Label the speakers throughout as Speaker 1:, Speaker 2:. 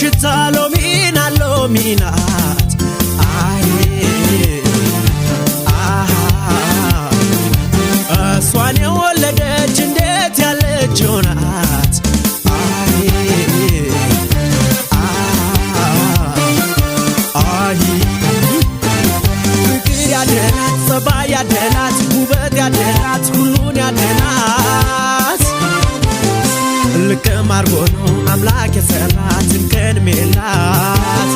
Speaker 1: ሽታ ሎሚና ሎሚናት አይ እሷን የወለደች እንዴት ያለች ናት አይ ፍቅር ያደናት ጸባ ያደናት ውበት ያደናት ሁሉን ያደናት ልክም ማርጎ ነው አምላክ የሰራትን ቅድሜላት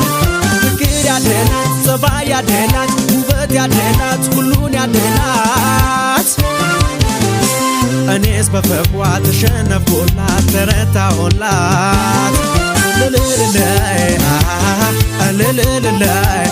Speaker 1: ፍቅር ያደላት ጸባይ ያደላት ውበት ያደላት ሁሉን ያደላት እኔስ በፍቅሯ ተሸነፎላት ተረታሁላት ልልልላይ ልልልላይ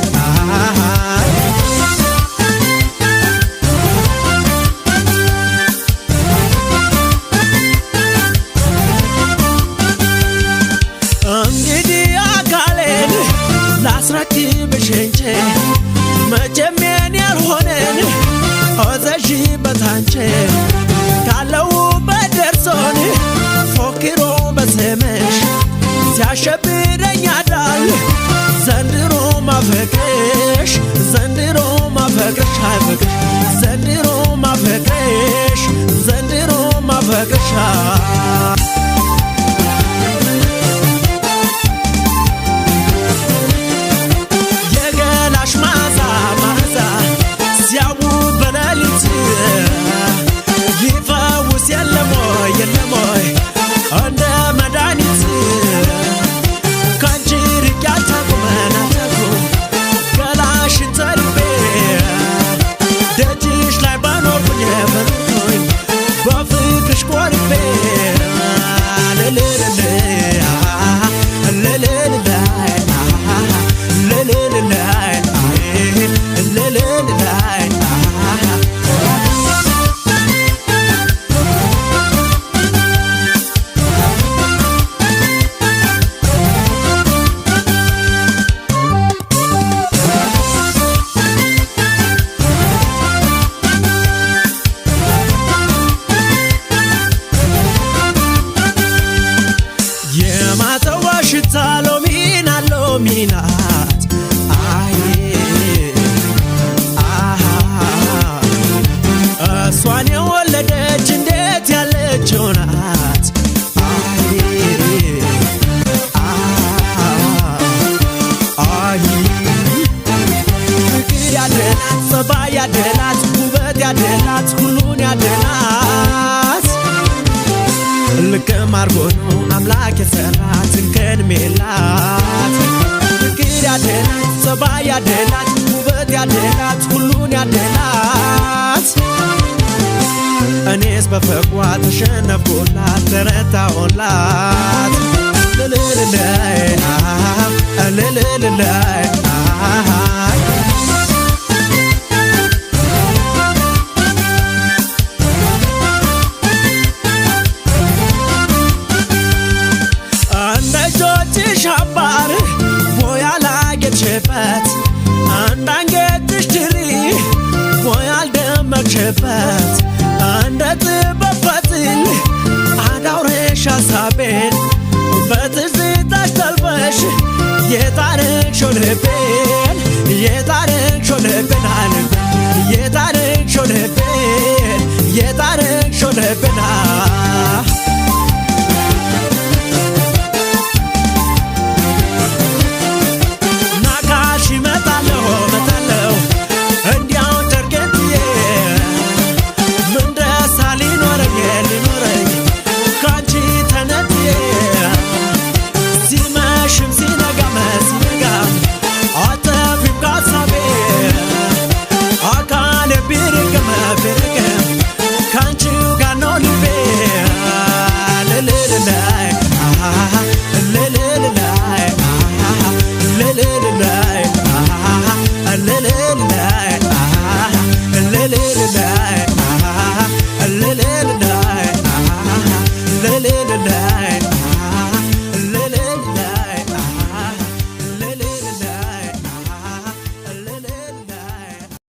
Speaker 1: ህይወት አንቺ ካለሁበት ደርሶኝ ፎክሮ በስምሽ ሲያሸብረኝ ያድራል ዘንድሮ ማፈቅርሽ ዘንድሮ ማፈቅርሽ አፈቅርሽ ዘንድሮ ማፈቅርሽ ዘንድሮ ማፈቅርሽ ያደናት ውበት ያደናት ሁሉን ያደናት ልቅም አርጎ ነው አምላክ የሰራት ስንከን ሜላት ግር ያድናት፣ ጸባይ ያድናት፣ ውበት ያድናት፣ ሁሉን ያድናት። እኔስ በፍቅሯ ተሸነፍኩላት፣ ተረታሁላት ልልልላይ ልልልላይ ያልደመቅሽበት አንድ አንገትሽ ድሪ ሞይ ያልደመቅሽበት እንደ ጥበበትል አዳውረሽ ሀሳቤን በትዝታሽ ጠልፈሽ የጣረግሽው ልቤን የጣረግሽው ልቤን አለ የጣረግሽው ልቤን የጣረግሽው ልቤን